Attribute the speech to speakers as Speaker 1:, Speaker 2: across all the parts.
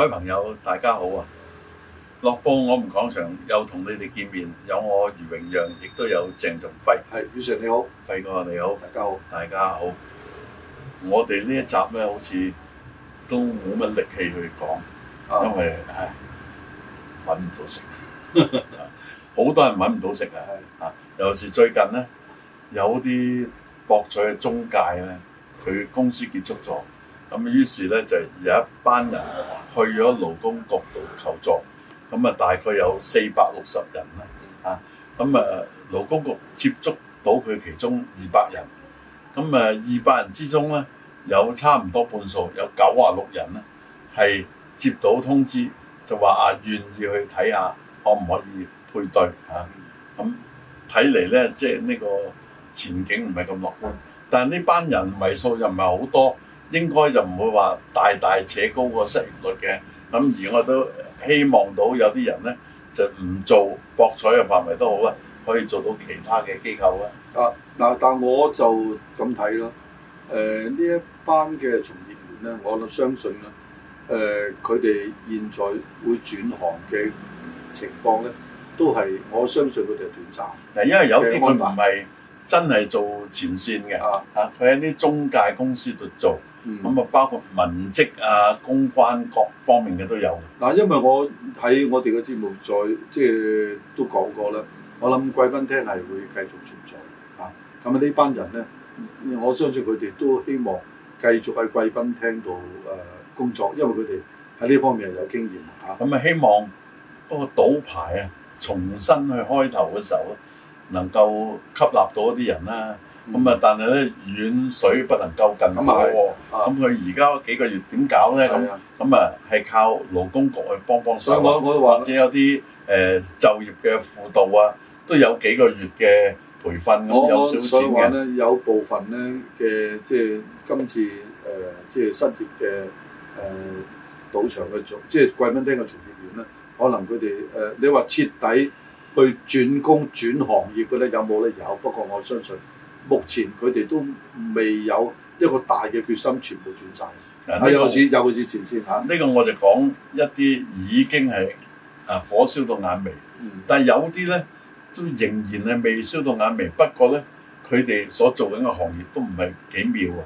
Speaker 1: 各位朋友，大家好啊！樂報我哋講場又同你哋見面，有我余榮陽，亦都有鄭仲輝。係，余 Sir 你好，輝哥你好，大家好，大家好。我哋呢一集咧，好似都冇乜力氣去講，啊、因為係揾唔到食，好 多人揾唔到食啊！啊，尤其是最近咧，有啲博彩嘅中介咧，佢公司結束咗。咁於是咧就有一班人去咗勞工局度求助，咁啊大概有四百六十人啦，啊，咁啊勞工局接觸到佢其中二百人，咁啊二百人之中咧有差唔多半數有九啊六人咧係接到通知就話啊願意去睇下可唔可以配對啊，咁睇嚟咧即係呢個前景唔係咁樂觀，但係呢班人為數又唔係好多。應該就唔會話大大扯高個失業率嘅，咁而我都希望到有啲人咧就唔做博彩嘅範圍都好啊，可以做到其他嘅機構啊。啊，嗱，但我就咁睇咯。誒、呃，呢一班嘅從業員咧，我諗相信啊，誒、呃，佢哋現在會轉行嘅情況咧，都係我相信佢哋係短暫。但因為有啲佢唔係。真係做前線嘅啊！佢喺啲中介公司度做，咁啊、嗯、包括文職啊、公關各方面嘅都有。嗱、嗯，因為我喺我哋嘅節目再即係都講過啦，我諗貴賓廳係會繼續存在啊。咁啊呢班人咧，嗯、我相信佢哋都希望繼續喺貴賓廳度誒工作，因為佢哋喺呢方面係有經驗嚇。咁啊、嗯、希望嗰個賭牌啊重新去開頭嘅時候，能夠吸納到一啲人啦，咁啊，嗯、但係咧遠水不能夠近火喎、啊。咁佢而家幾個月點搞咧？咁咁、嗯、那啊，係靠勞工局去幫幫手，或者有啲誒就業嘅輔導啊，嗯、都有幾個月嘅培訓，嗯嗯、有少少嘅。我所以話咧，有部分咧嘅即係今次誒即係失業嘅誒賭場去做，即係貴賓廳嘅從業員啦，可能佢哋誒你話徹底。去轉工轉行業嘅咧，有冇咧？有，不過我相信目前佢哋都未有一個大嘅決心，全部轉晒。呢、啊呢個有好似前線嚇，呢、啊呢個、個我就講一啲已經係啊火燒到眼眉，嗯、但係有啲咧都仍然係未燒到眼眉。不過咧，佢哋所做緊嘅行業都唔係幾妙啊。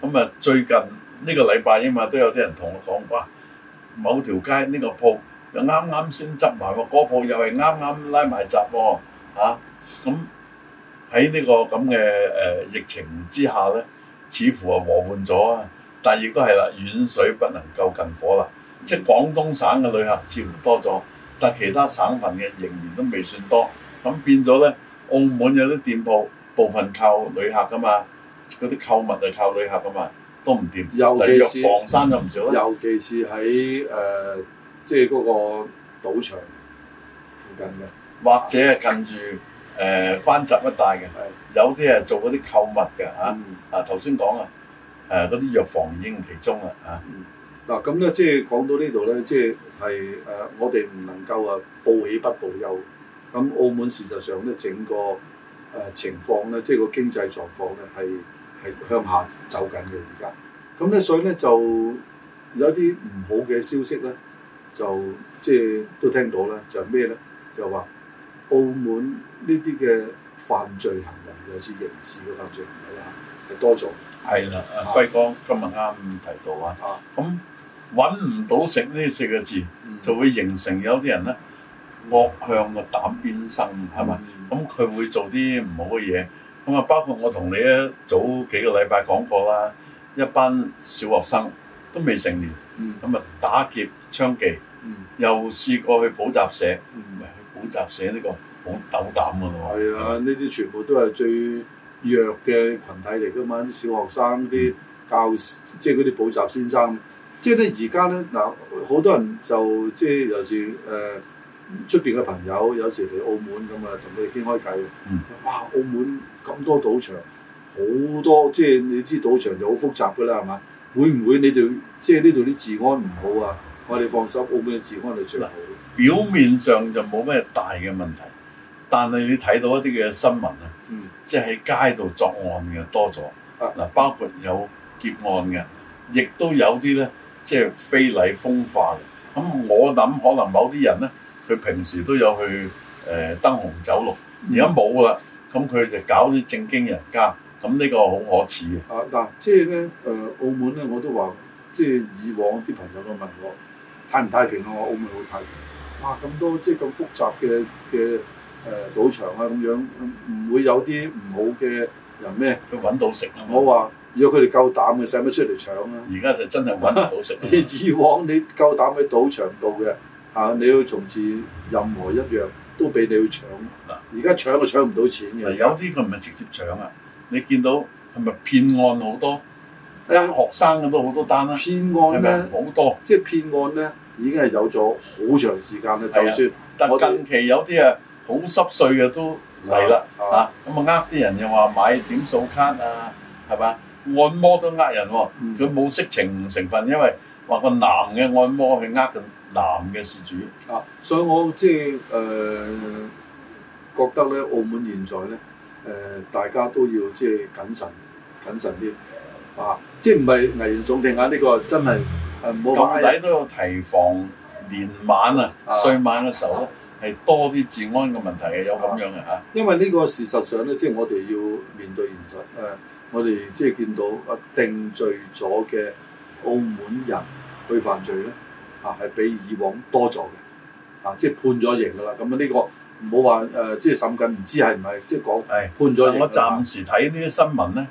Speaker 1: 咁啊、嗯，最近呢、呢個禮拜因為，都有啲人同我講話，某條街呢個鋪。剛剛又啱啱先執埋喎，嗰鋪又係啱啱拉埋閘喎，咁喺呢個咁嘅誒疫情之下咧，似乎啊和緩咗啊，但係亦都係啦，遠水不能夠近火啦，即係廣東省嘅旅客似乎多咗，但係其他省份嘅仍然都未算多，咁變咗咧，澳門有啲店鋪部分靠旅客噶嘛，嗰啲購物就靠旅客噶嘛，都唔掂、嗯，尤其是藥房山有唔少啊，尤其是喺誒。即係嗰個賭場附近嘅，或者係近住誒關閘一帶嘅，有啲係做嗰啲購物嘅嚇、嗯啊。啊頭先講啊，誒嗰啲藥房已經其中啦嚇。嗱咁咧，即係講到呢度咧，即係係誒我哋唔能夠啊報喜不報憂。咁澳門事實上咧，整個誒情況咧，即係個經濟狀況咧，係係向下走緊嘅而家。咁咧，所以咧就有啲唔好嘅消息咧。就即係都聽到啦，就咩、係、咧？就話澳門呢啲嘅犯罪行為，尤其是刑事嘅犯罪行為，係多咗。係啦的，阿輝、啊、哥今日啱提到啊，咁搵唔到食呢四個字，嗯、就會形成有啲人咧惡向嘅膽邊生，係咪、嗯？咁佢會做啲唔好嘅嘢。咁啊，包括我同你一早幾個禮拜講過啦，一班小學生都未成年，咁啊打劫槍記。嗯、又試過去補習社，唔係、嗯、補習社呢、呢個好斗膽啊。咯係啊，呢啲、嗯、全部都係最弱嘅群體嚟噶嘛，啲小學生啲、嗯、教，即係嗰啲補習先生。即係咧，而家咧嗱，好多人就即係有時誒出邊嘅朋友，有時嚟澳門咁啊，同佢哋傾開偈。嗯、哇！澳門咁多賭場，好多即係、就是、你知賭場就好複雜㗎啦，係嘛？會唔會你哋即係呢度啲治安唔好啊？我哋放心，澳門嘅治安嚟出嚟表面上就冇咩大嘅問題，但係你睇到一啲嘅新聞、嗯、啊，嗯，即係喺街度作案嘅多咗。嗱，包括有劫案嘅，亦都有啲咧，即、就、係、是、非禮風化嘅。咁我諗可能某啲人咧，佢平時都有去誒燈、呃、紅酒綠，而家冇啦，咁佢、嗯、就搞啲正經人家，咁呢個好可恥嘅。啊，嗱、呃，即係咧，誒、呃，澳門咧，我都話，即係以往啲朋友都問我。太唔太平啊？我澳門好太平。哇咁多即係咁複雜嘅嘅誒賭場啊咁樣，唔會有啲唔好嘅人咩？去揾到食啊！我話，如果佢哋夠膽嘅，使乜出嚟搶啊？而家就真係揾唔到食。 以往你夠膽喺賭場度嘅，嚇你要從事任何一樣都俾你去搶嗱。而家搶就搶唔到錢嘅。有啲佢唔係直接搶啊，你見到係咪騙案好多？啲、啊、學生咁都好多單啦、啊，騙案咧好多，即係騙案咧已經係有咗好長時間啦。啊、就算，但近期有啲啊好濕碎嘅都嚟啦嚇，咁們啊呃啲、啊、人又話買點數卡啊，係嘛？按摩都呃人、哦，佢冇色情成分，因為話個男嘅按摩係呃緊男嘅事主。啊，所以我即係誒覺得咧，澳門現在咧誒、呃，大家都要即係謹慎謹慎啲。啊！即係唔係危言聳聽啊？呢個真係，誒冇咁底都要提防年晚啊、歲晚嘅時候咧，係、啊、多啲治安嘅問題嘅，有咁樣嘅嚇、啊。因為呢個事實上咧，即係我哋要面對現實。誒、啊，我哋即係見到誒定罪咗嘅澳門人去犯罪咧，啊係比以往多咗嘅。啊，即係判咗刑㗎啦。咁啊，呢個唔好話誒，即係審緊，唔知係唔係即係講係判咗刑，了刑了。我暫時睇呢啲新聞咧。啊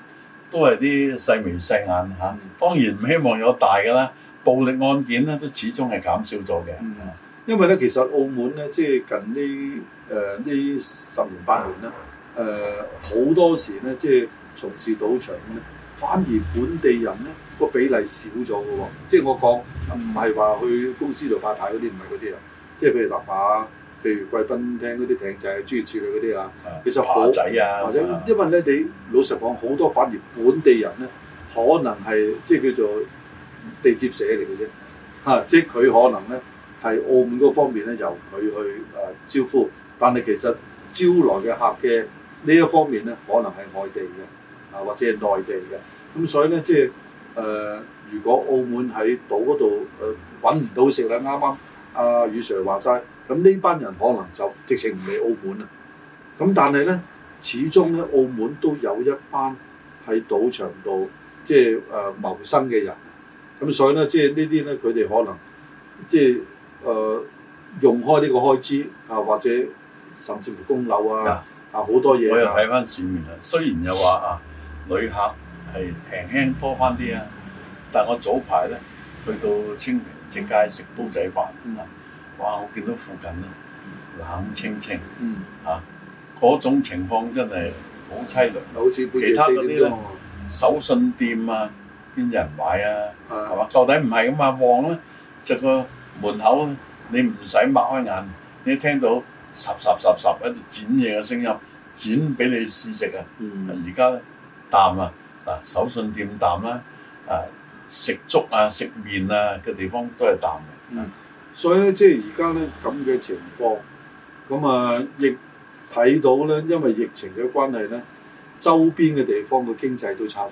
Speaker 1: 都係啲細眉細眼嚇，當然唔希望有大嘅啦。暴力案件咧都始終係減少咗嘅，嗯、因為咧其實澳門咧即係近呢誒呢十年八年啦，誒、呃、好多時咧即係從事賭場咧，反而本地人咧個比例少咗嘅喎。即係我講唔係話去公司度派牌嗰啲，唔係嗰啲人，即係譬如立馬。譬如貴賓廳嗰啲艇仔啊，就是、諸如此類嗰啲啊，其實好，仔啊。或者因為咧，你老實講，好多反而本地人咧，可能係即係叫做地接社嚟嘅啫，嚇、啊，即係佢可能咧係澳門嗰方面咧由佢去誒、呃、招呼，但係其實招來嘅客嘅呢一方面咧，可能係外地嘅啊，或者係內地嘅，咁所以咧即係誒、呃，如果澳門喺島嗰度誒搵唔到食咧，啱啱。阿宇、啊、Sir 話齋，咁呢班人可能就直情唔嚟澳門啦。咁但係咧，始終咧澳門都有一班喺賭場度即係誒謀生嘅人，咁所以咧即係呢啲咧佢哋可能即係誒、呃、用開呢個開支啊，或者甚至乎供樓啊啊好、啊、多嘢、啊。我又睇翻市面啊，雖然又話啊旅客係平輕多翻啲啊，但我早排咧去到清明正街食煲仔飯，哇！我見到附近咧冷清清，嚇嗰種情況真係好淒涼。好似其他嗰啲咧手信店啊，邊有人買啊？係嘛？坐底唔係咁嘛旺咧？就個門口你唔使擘開眼，你一聽到十十十十一隻剪嘢嘅聲音，剪俾你試食啊！而家淡啊，嗱手信店淡啦，誒。食粥啊、食麵啊嘅地方都係淡嘅。嗯，所以咧即係而家咧咁嘅情況，咁啊亦睇到咧，因為疫情嘅關係咧，周邊嘅地方嘅經濟都差咗，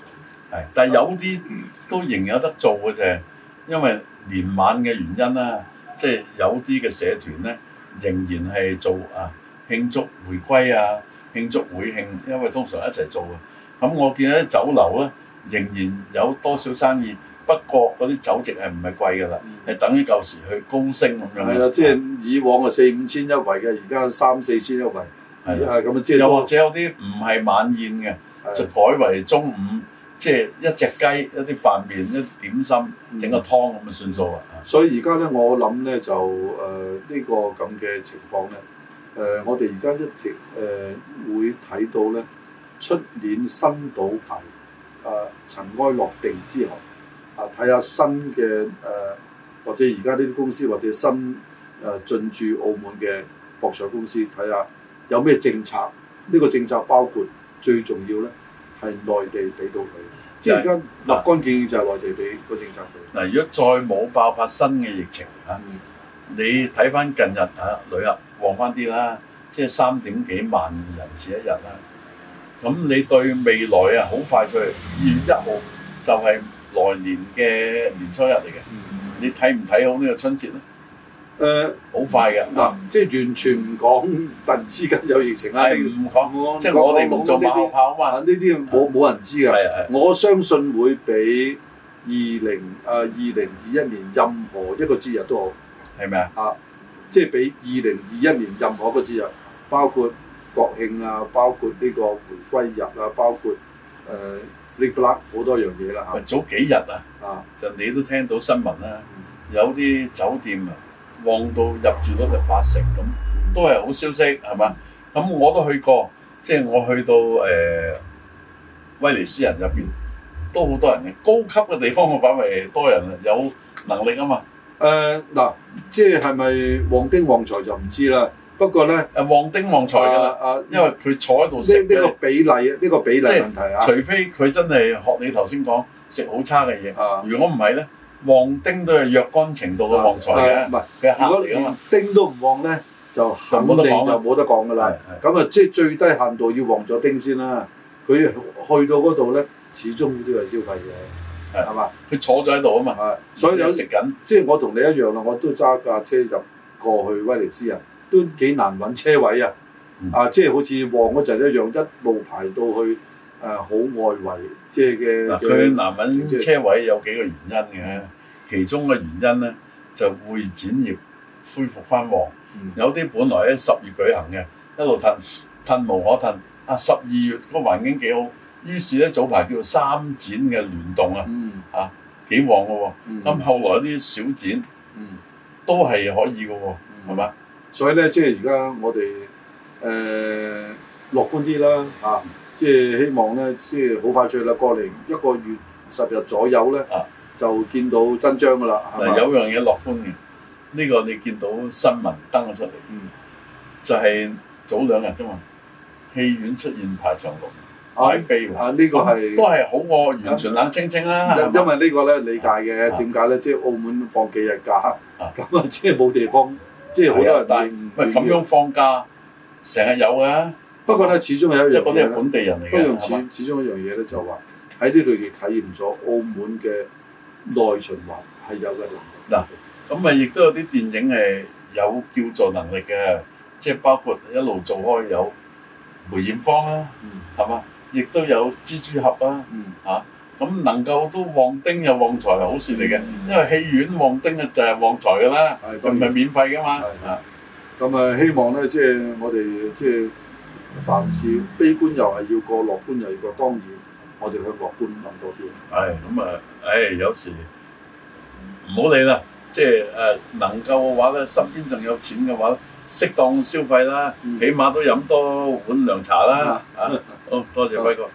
Speaker 1: 係，但係有啲都仍有得做嘅啫，因為年晚嘅原因啦，即係有啲嘅社團咧仍然係做啊慶祝回歸啊、慶祝會慶，因為通常一齊做嘅，咁我見喺酒樓咧。仍然有多少生意？不過嗰啲酒席係唔係貴㗎啦？係、嗯、等於舊時去高升咁樣。係啦，即、就、係、是、以往嘅四五千一位嘅，而家三四千一位。係啊，咁啊，即係有，或者有啲唔係晚宴嘅，的就改為中午，即、就、係、是、一隻雞、一啲飯麵、一點心、整個湯咁啊算數啊！嗯、所以而家咧，我諗咧就誒呢、呃這個咁嘅情況咧，誒、呃、我哋而家一直誒、呃、會睇到咧出年新島牌。誒、呃、塵埃落定之後，啊睇下新嘅誒、呃，或者而家呢啲公司，或者新誒進駐澳門嘅博彩公司，睇下有咩政策？呢、這個政策包括最重要咧，係內、就是、地俾到佢。即係而家立竿見影就係內地俾個政策佢。嗱，如果再冇爆發新嘅疫情，嚇、啊，嗯、你睇翻近日嚇旅遊旺翻啲啦，即係三點幾萬人次一日啦。咁你對未來啊，好快出嚟！二月一號就係來年嘅年初一嚟嘅，你睇唔睇好呢個春節咧？誒、呃，好快嘅嗱，呃嗯、即係完全唔講突然之間有疫情，係唔講即係我哋冇做呢啲。馬後炮嘛些，呢啲冇冇人知㗎。的我相信會比二零誒二零二一年任何一個節日都好，係咪啊？啊，即係比二零二一年任何一個節日，包括。國慶啊，包括呢個回歸日啊，包括誒呢粒好多樣嘢啦吓。早幾日啊，啊，啊就你都聽到新聞啦，啊，有啲酒店啊旺到入住咗就八成咁，都係好消息係嘛？咁我都去過，即、就、係、是、我去到誒、呃、威尼斯人入邊都好多人嘅，高級嘅地方我話咪多人有能力啊嘛。誒嗱、呃呃，即係係咪旺丁旺財就唔知啦。不過咧，旺丁旺財噶啦，啊，因為佢坐喺度食呢呢個比例啊，呢個比例問題啊。除非佢真係學你頭先講，食好差嘅嘢。啊，如果唔係咧，旺丁都係若干程度嘅旺財嘅。唔係，佢客嚟啊嘛。如果連丁都唔旺咧，就肯定就冇得講噶啦。咁啊，即係最低限度要旺咗丁先啦。佢去到嗰度咧，始終都係消費嘅係嘛，佢坐咗喺度啊嘛。啊，所以有食緊。即係我同你一樣啦，我都揸架車入過去威尼斯人。都幾難揾車位啊！嗯、啊，即、就、係、是、好似旺嗰陣一樣，一路排到去誒好、啊、外圍，即係嘅。佢難揾車位有幾個原因嘅，嗯、其中嘅原因咧就是、會展業恢復翻旺。嗯、有啲本來咧十月舉行嘅，一路褪褪無可褪。啊，十二月個環境幾好，於是咧早排叫做三展嘅聯動、嗯、啊，啊幾旺嘅喎。咁後來啲小展都係可以嘅喎，係嘛？所以咧，即係而家我哋誒樂觀啲啦，吓！即係希望咧，即係好快脆啦，過嚟一個月十日左右咧，就見到真章噶啦。係是 吧有樣嘢樂觀嘅，呢、這個你見到新聞登咗出嚟，嗯，就係、是、早兩日啫嘛，戲院出現排長龍，啊、買飛啊，呢個係都係好過、哦、完全冷清清啦。因、嗯、吧因為呢個咧理解嘅，點解咧？即、就、係、是、澳門放幾日假，咁啊，即係冇地方。即係好多人帶，唔係咁樣放假，成日有嘅、啊。不過咧，始終有一樣，啲係本地人嚟嘅。始嗎始終有一樣嘢咧，就話喺呢度別體驗咗澳門嘅內循環係有嘅嗱，咁啊、嗯，亦都有啲電影係有叫做能力嘅，即係包括一路做開有梅艷芳啦，係嘛、嗯？亦都有蜘蛛俠啦、啊，嚇、嗯。啊。咁能夠都旺丁又旺財係好事嚟嘅，因為戲院旺丁啊就係旺財噶啦，佢唔係免費噶嘛。啊，咁啊希望咧，即係我哋即係凡事悲觀又係要過，樂觀又要過。當然我哋去樂觀諗多啲。係，咁、嗯、啊，唉，有時唔好理啦。即係誒，能夠嘅話咧，身邊仲有錢嘅話，適當消費啦，起碼都飲多碗涼茶啦。啊，好多謝輝哥。